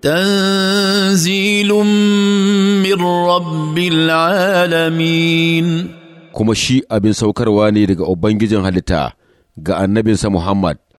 تنزيل من رب العالمين kuma shi abin saukarwa ne daga Ubangijin halitta ga annabinsa Muhammad